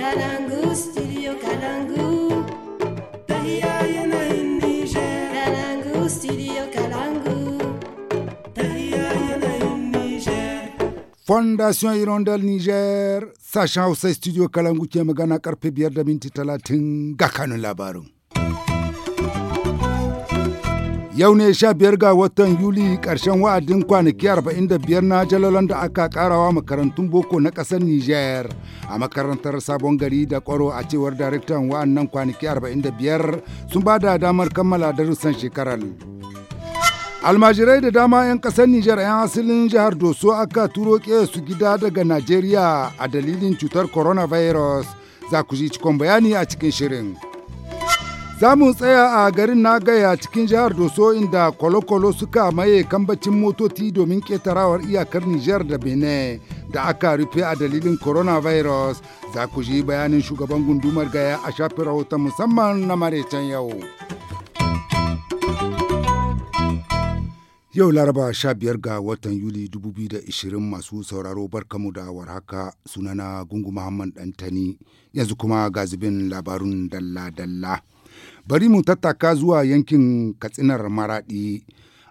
Kalangu, studio Kalangu. Tahia yana in Niger. Kalangu, studio Kalangu. Tahia yana in Niger. Fondation Hirondelle Niger, sashen Hausa studio Kalangu ke magana karfe biyar da minti talatin ga kanun labarin. Yau ne sha biyar ga watan Yuli ƙarshen wa'adin kwanaki arba'in da biyar na jalolan da aka karawa makarantun boko na ƙasar Nijar a makarantar Sabon Gari da Kwaro a cewar daraktan wa'annan kwanaki arba'in da biyar sun ba da damar kammala darussan shekarar. Almajirai da dama 'yan ƙasar Nijar 'yan asalin jihar Doso aka turo su gida daga Najeriya a dalilin cutar coronavirus za ku ji cikon bayani a cikin shirin. Za mu tsaya a garin Nagaya cikin jihar Doso inda kwalokwalo suka maye kambacin motoci domin ƙetarawar iyakar Nijar da Benin da aka rufe a dalilin coronavirus. Za ku ji bayanin shugaban gundumar gaya a shafin rahoton musamman na maraicen yau. Yau Laraba 15 ga watan Yuli 2020 masu sauraro barkamu da warhaka sunana Gungu Muhammad Dantani yanzu kuma ga labarun dalla-dalla. Bari mu tattaka zuwa yankin Katsinar Maraɗi.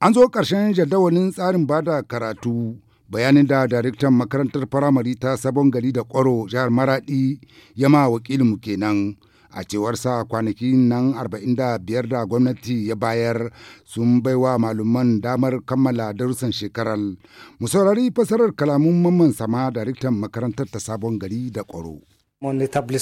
An zo ƙarshen jadawalin tsarin bada karatu. bayanin da daraktan makarantar firamare ta sabon gari da kwaro jihar Maraɗi ya ma wakilinmu kenan a cewar sa kwanaki nan 45 da gwamnati ya bayar sun baiwa malaman damar kammala darussan shekarar mu saurari fasarar kalamun mamman sama daraktan makarantar ta sabon gari da ƙwaro.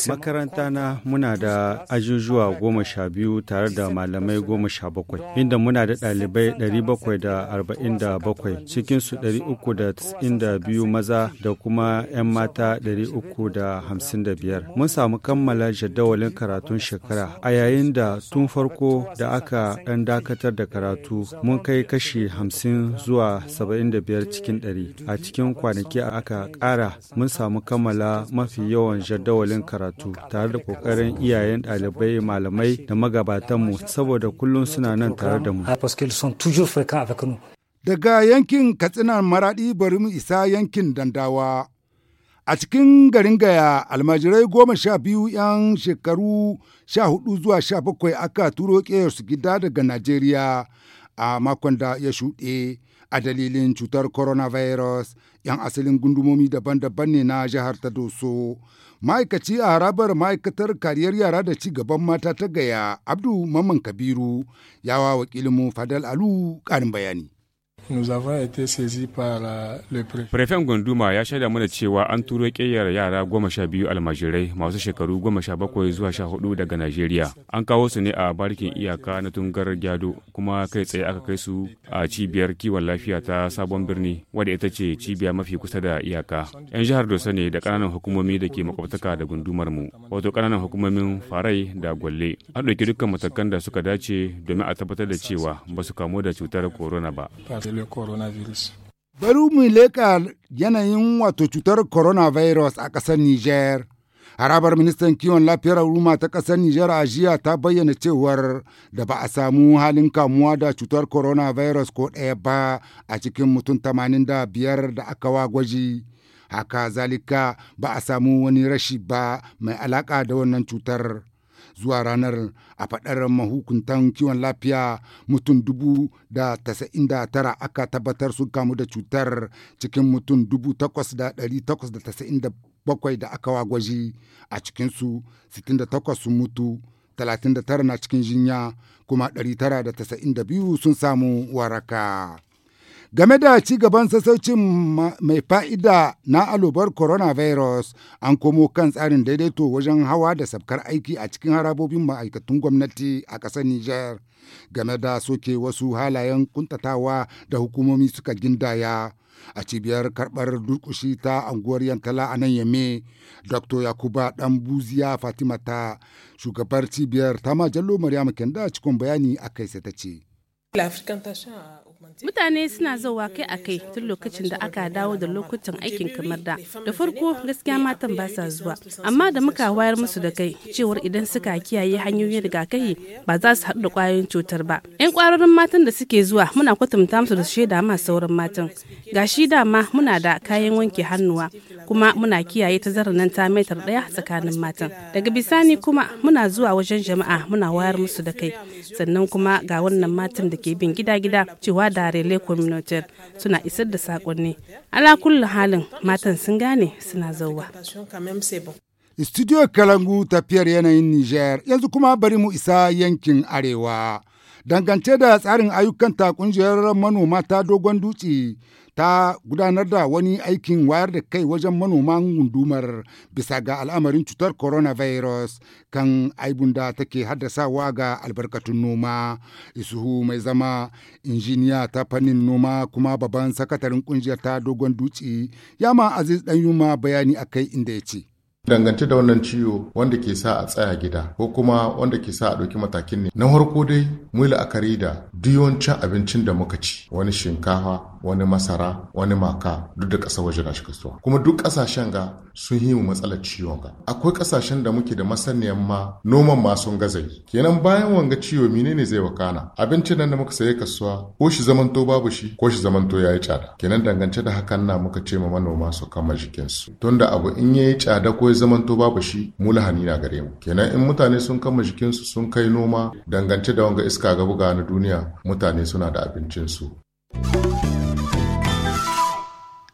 Makaranta na muna da ajujuwa goma sha biyu tare da malamai goma sha bakwai, inda muna da ɗalibai dari bakwai da arba'in da bakwai, cikinsu dari uku da tis'in da biyu maza da kuma 'yan mata dari uku da hamsin da biyar. Mun samu kammala jadawalin karatun shekara, a yayin da tun farko da aka ɗan dakatar da karatu mun kai kashi hamsin zuwa saba'in da biyar cikin kwanaki A cikin kwanaki aka ƙara mun samu kammala mafi yawan jadawalin jadawalin karatu tare da kokarin iyayen ɗalibai malamai da magabatan mu saboda kullum suna nan tare da mu. Ah, daga yankin Katsina Maradi bari mu isa yankin Dandawa. A cikin garin Gaya, almajirai goma sha biyu 'yan shekaru sha hudu zuwa sha bakwai aka turo su gida daga Najeriya a makon da ya shuɗe a dalilin cutar coronavirus 'yan asalin gundumomi daban-daban ne na jihar ta Doso. ma'aikaci a harabar ma'aikatar kariyar yara da ci gaban mata ta gaya abdu mamman kabiru yawa wakilinmu fadal alu karin bayani Euh, Prefen Gonduma ya shaida mana cewa an turo ƙeyar yara goma sha biyu almajirai masu shekaru goma sha bakwai zuwa sha hudu daga Najeriya. An kawo su ne a barikin iyaka na tungar gyado kuma kai tsaye aka kai su a cibiyar kiwon lafiya ta sabon birni wadda ita ce cibiya mafi kusa da iyaka. 'Yan jihar Dosa ne da ƙananan hukumomi da ke makwabtaka da gundumar mu wato ƙananan hukumomin Farai da Gwalle. An ɗauki dukkan matakan da suka dace domin a tabbatar da cewa ba su kamu da cutar corona ba. coronavirus. Bari mu leƙa yanayin wato cutar coronavirus a ƙasar Nijar. Harabar ministan kiwon lafiyar al'umma ta ƙasar Nijar a jiya ta bayyana cewar da ba a samu halin kamuwa da cutar coronavirus ko ɗaya ba a cikin mutum tamanin da biyar da aka wa gwaji. Haka zalika ba a samu wani rashi ba mai alaƙa da wannan cutar. zuwa ranar a faɗar mahukuntan kiwon lafiya mutum dubu da tasa'in da tara aka tabbatar sun kamu da cutar cikin mutum dubu takwas da ɗari takwas da tasa'in da bakwai da aka wagwaji a cikinsu sittin da takwas sun mutu talatin da tara na cikin jinya kuma tara da da biyu sun samu waraka. Game da ci gaban sassaucin mai fa'ida na alobar coronavirus an komo kan tsarin daidaito wajen hawa da sabkar aiki a cikin harabobin ma'aikatun gwamnati a ƙasar Nijar. Game da soke wasu halayen kuntatawa da hukumomi suka gindaya. a cibiyar karɓar dukushi ta anguwar yankala a nan yame dr yakuba dan buziya fatima ta shugabar cibiyar ta majallo maryam kenda cikin bayani a kai sai ta ce Mutane suna zauwa kai a kai tun lokacin da aka dawo da lokutan aikin kamar da. Da farko gaskiya matan ba sa zuwa, amma da muka wayar musu da kai cewar idan suka kiyaye hanyoyin rigakafi ba za su haɗu da ƙwayoyin cutar ba. 'Yan ƙwararrun matan da suke zuwa muna kwatanta musu da shaida ma sauran matan. ga Gashi dama muna da kayan wanke hannuwa kuma muna kiyaye ta tazarar nan ta metar ɗaya tsakanin matan. Daga bisani kuma muna zuwa wajen jama'a muna wayar musu da kai. Sannan kuma ga wannan matan da ke bin gida-gida cewa da a communautaire suna isar da sakonni ala kullu halin matan sun gane suna zauwa studio kalangu tafiyar yanayin niger yanzu kuma bari mu isa yankin arewa dangance da tsarin ayyukan ta kungiyar manoma ta dogon dutse ta gudanar da wani aikin wayar da kai wajen manoman gundumar bisa ga al'amarin cutar coronavirus kan aibun da take haddasawa ga albarkatun noma isuhu mai zama injiniya ta fannin noma kuma babban sakatarin kungiyar ta dogon dutse yama aziz danyuma bayani akai inda ya ce dangance da wannan ciwo wanda ke sa a tsaya gida ko kuma wanda ke sa a ɗauki matakin ne na farko dai mu la'akari da yawancin abincin da muka ci wani shinkafa wani masara wani maka duk da ƙasa waje na shiga kasuwa kuma duk ƙasashen ga sun yi mu matsalar ciwon ga akwai ƙasashen da muke da masaniyan ma noman ma sun gazayi kenan bayan wanga ciwo menene zai wakana abincin nan da muka saye kasuwa ko shi zamanto babu shi ko shi zamanto ya yi tsada kenan dangance da hakan na muka ce ma manoma su kama jikinsu tunda abu in ya yi tsada ko ya zamanto babu shi mu lahani na gare mu kenan in mutane sun kama jikinsu sun kai noma dangance da wanga iska ga buga na duniya mutane suna da abincin su.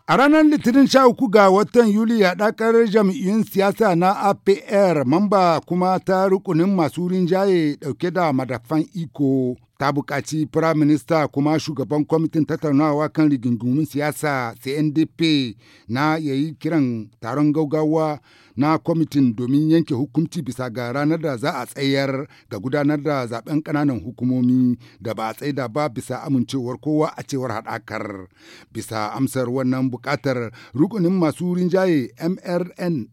A ranar Litinin sha uku ga watan Yuli haɗakar jam'iyyun siyasa na APR mamba kuma ta rukunin masu rinjaye ɗauke da madafan iko ta buƙaci minister kuma shugaban kwamitin tattaunawa kan rigingimun siyasa cndp na yi kiran taron gaugawa na kwamitin domin yanke hukunci bisa ga ranar da za a tsayar ga gudanar da zaben kananan hukumomi da ba a tsaida ba bisa amincewar kowa a cewar haɗakar bisa amsar wannan buƙatar rukunin masu rinjaye mrn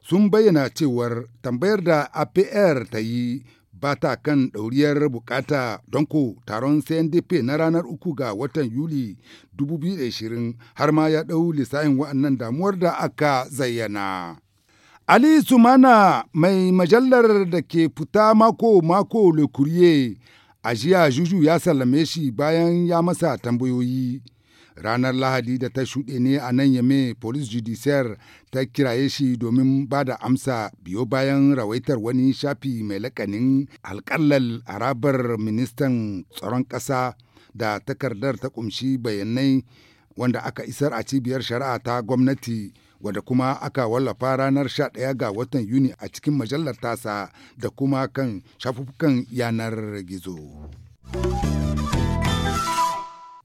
sun bayyana cewar tambayar da apr ta yi ba ta kan ɗauriyar bukata don ko taron CNDP na ranar uku ga watan Yuli 2020 har ma ya ɗau lissafin wa'annan damuwar da aka zayyana. Ali Sumana mai majallar da ke fita mako-mako Le Courrier a jiya Juju ya sallame shi bayan ya masa tambayoyi. ranar lahadi da ta shuɗe ne a nan yame police judiciaire ta kiraye shi domin ba da amsa biyo bayan rawaitar wani shafi mai lakanin alƙalal harabar ministan tsaron ƙasa da takardar ta ƙumshi bayanai wanda aka isar a cibiyar shari'a ta gwamnati wanda kuma aka wallafa ranar 11 ga watan yuni a cikin majalar tasa da kuma kan shafukan yanar gizo.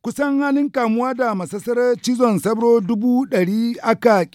kusan halin kamuwa da masassarar cizon sabro dubu ɗari aka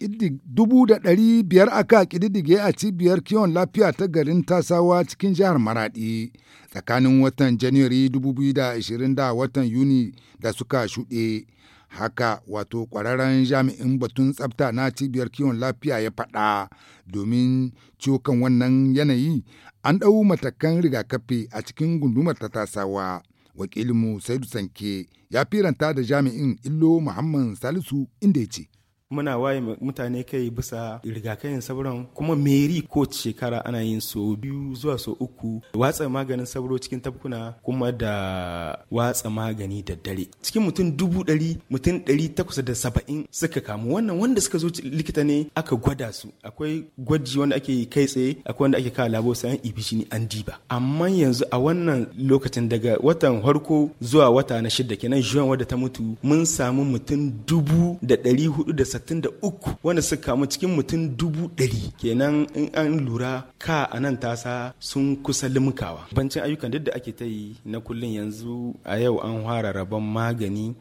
dubu da ɗari biyar aka ƙididdige a cibiyar kiwon lafiya ta garin tasawa cikin jihar maraɗi tsakanin watan janairu 2020 da watan yuni da suka shuɗe haka wato ƙwararren jami'in batun tsafta na cibiyar kiwon lafiya ya faɗa domin cokan wannan yanayi an ɗau matakan rigakafi a cikin gundumar ta tasawa wakilinmu saidu sanke ya firanta da jami'in illo muhammad salisu inda ya ce muna waye mutane kai bisa rigakafin sauran kuma meri ko shekara ana yin so biyu zuwa so uku watsa maganin sauro cikin tafkuna kuma da watsa magani da dare cikin mutum dubu ɗari mutum ɗari takwas da saba'in suka kamu wannan wanda suka zo likita ne aka gwada su akwai gwaji wanda ake kai tsaye akwai wanda ake kawo labo sayan ibishi ni an diba amma yanzu a wannan lokacin daga watan farko zuwa wata na shida kenan juan wadda ta mutu mun samu mutum dubu da ɗari hudu da 63 wanda suka kamu cikin mutum dubu ɗari kenan in an lura ka a nan tasa sun kusa limkawa bancin ayyukan duk da ake ta yi na kullum yanzu a yau an fara rabon magani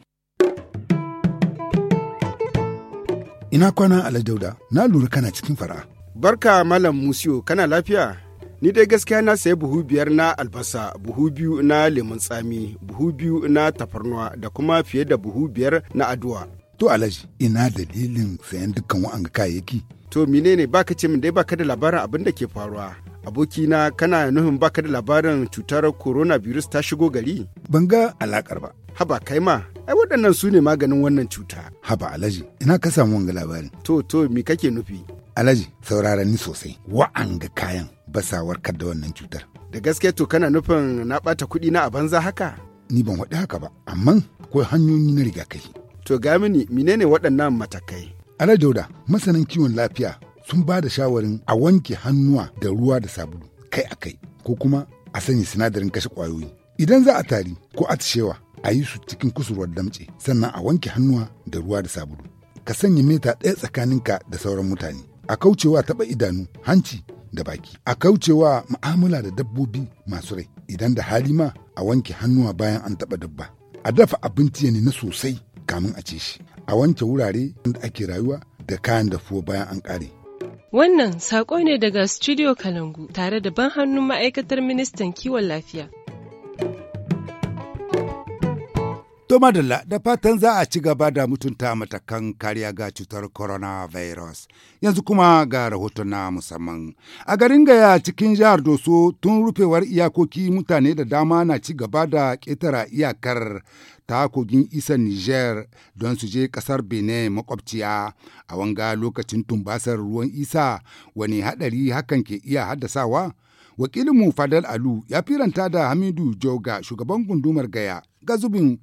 ina kwana dauda na lura kana cikin fara barka malam musiyo kana lafiya ni dai gaskiya na sayi buhu biyar na albasa buhu biyu na lemun tsami buhu biyu na tafarnuwa da kuma fiye da buhu biyar na aduwa To alaji ina dalilin sayan dukkan wa'an kayayyaki. To menene baka ce min dai baka da labarin abin da ke faruwa. Abokina kana nufin baka da labarin cutar coronavirus ta shigo gari? Ban ga alakar ba. Haba kai ma, ai waɗannan su ne maganin wannan cuta. Haba alaji ina ka samu wanga labarin. To to me kake nufi? Alaji saurara ni sosai. Wa'anga kayan basawar da wannan cutar. Da gaske to kana nufin na bata kuɗi na a banza haka? Ni ban waɗi haka ba, amma akwai hanyoyi na rigakafi. To ga mini menene waɗannan matakai? Ala Dauda, masanin kiwon lafiya sun ba da shawarin a wanke hannuwa da ruwa da sabulu kai a kai ko kuma a sanya sinadarin kashe ƙwayoyi. Idan za a tari ko a tashewa a yi su cikin kusurwar damce sannan a wanke hannuwa da ruwa da sabulu. Ka sanya mita ɗaya tsakaninka da sauran mutane. A kaucewa taɓa idanu, hanci da baki. A kaucewa mu'amala da dabbobi masu rai. Idan da hali ma a wanke hannuwa bayan an taɓa dabba. A dafa abinci ya na sosai kamun a ci shi a wanke wurare inda ake rayuwa da kayan dafuwa bayan an ƙare. Wannan saƙo ne daga Studio Kalangu tare da ban hannun ma'aikatar ministan kiwon lafiya. To madalla da fatan za a ci gaba da mutunta matakan kariya ga cutar coronavirus. Yanzu kuma ga rahoton na musamman. A garin gaya cikin jihar Doso tun rufewar iyakoki mutane da dama na ci gaba da ƙetara iyakar ta kogin isa Niger don su je ƙasar Benin makwabciya a wanga lokacin tumbasar ruwan isa wani haɗari hakan ke iya haddasawa. wakilinmu fadal alu ya firanta da hamidu joga shugaban gundumar gaya ga zubin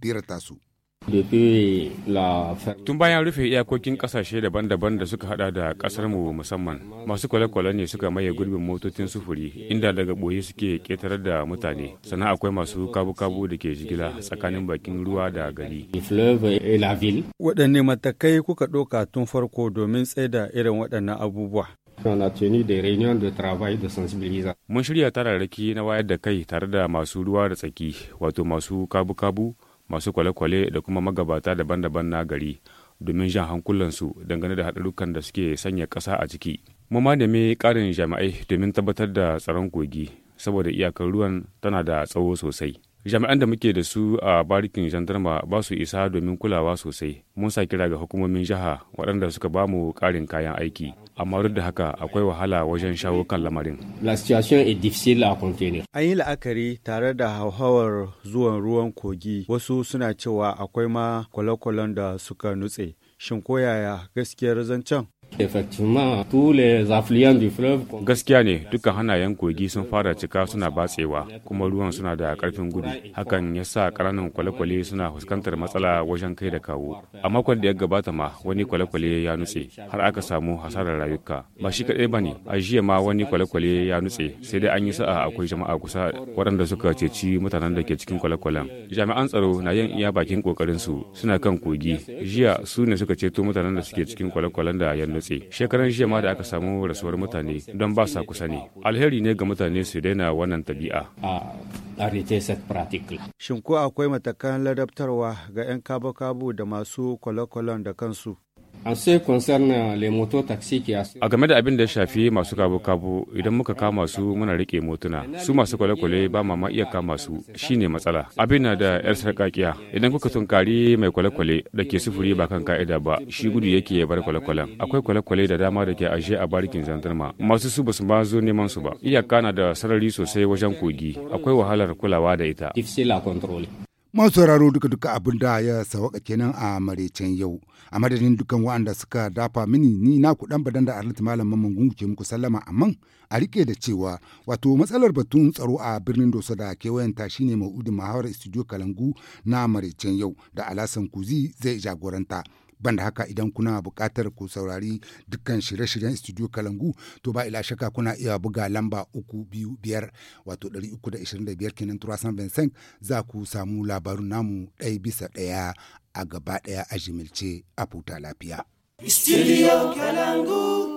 Tun bayan rufe iyakokin kasashe daban-daban da suka hada da kasarmu musamman masu kwale-kwale ne suka maye gurbin motocin sufuri inda daga boye suke ketarar da mutane sannan akwai masu kabu-kabu da ke jigila tsakanin bakin ruwa da gari. Waɗanne matakai kuka ɗauka tun farko domin tsaida irin waɗannan abubuwa? Mun shirya tararraki na wayar da kai tare da masu ruwa da tsaki, wato masu kabu-kabu, masu kwale-kwale da kuma magabata daban-daban na gari, domin jan hankulansu dangane da haɗarukan da suke sanya ƙasa a ciki. mun ma nemi ƙarin jami'ai domin tabbatar da tsaron kogi, saboda iyakar ruwan tana da tsawo sosai. jami'an da muke da su a barikin jandarma ba su isa domin kulawa sosai mun sa kira ga hukumomin jiha waɗanda suka bamu mu ƙarin kayan aiki amma duk da haka akwai wahala wajen shawo kan lamarin. La situation est difficile à contenir. An yi la'akari tare da hauhawar zuwan ruwan kogi wasu suna cewa akwai ma kwale-kwalen da suka nutse. Shin koyaya gaskiyar zancen? Gaskiya ne dukkan hannayen kogi sun fara cika suna batsewa kuma ruwan suna da karfin gudu hakan ya sa ƙananan kwale-kwale suna fuskantar matsala wajen kai da kawo. A makon da ya gabata ma wani kwale-kwale ya nutse har aka samu hasarar rayuka. Ba shi kaɗai ba ne a jiya ma wani kwale-kwale ya nutse sai dai an yi sa'a akwai jama'a kusa waɗanda suka ceci mutanen da ke cikin kwale-kwalen. Jami'an tsaro na yin iya bakin ƙoƙarinsu suna kan kogi jiya su ne suka ceto mutanen da suke cikin kwale-kwalen da ya nutse. shekaran jiya ma da aka samu rasuwar mutane don ba sa kusa ne alheri ne ga mutane su daina wannan tabi'a shin ko akwai matakan ladabtarwa ga 'yan kabo-kabo da masu kwale da kansu A game da abin da ya shafi masu kabu-kabu idan muka kama su muna rike motuna su masu kwale-kwale ba ma iya kama su shine matsala. Abin na da yar sarkakiya idan kuka tunkari mai kwale-kwale da ke sufuri ba kan ka'ida ba shi gudu yake ya bar kwale-kwalen. Akwai kwale-kwale da dama da ke ashe a barikin zandarma masu su basu ma zo neman su ba. Iyaka na da sarari sosai wajen kogi akwai wahalar kulawa da ita. sauraro duka duka abin da ya sawaka kenan a maraicen yau a madadin dukan waɗanda suka dafa mini ni na kuɗan badan da arlit malam mamman gungu ke muku sallama amman a rike da cewa wato matsalar batun tsaro a birnin doso da kewayen ta shine maudu mahawar studio kalangu na maraicen yau da alasan kuzi zai jagoranta ban da haka idan kuna buƙatar ku saurari dukkan shirye-shiryen studio kalangu to ba ila shaka kuna iya buga lamba uku biyu biyar wato ɗari uku da ishirin da biyar kenan san vincent za ku samu labarun namu ɗaya bisa ɗaya a gaba ɗaya a jimilce a lafiya. Studio Kalangu.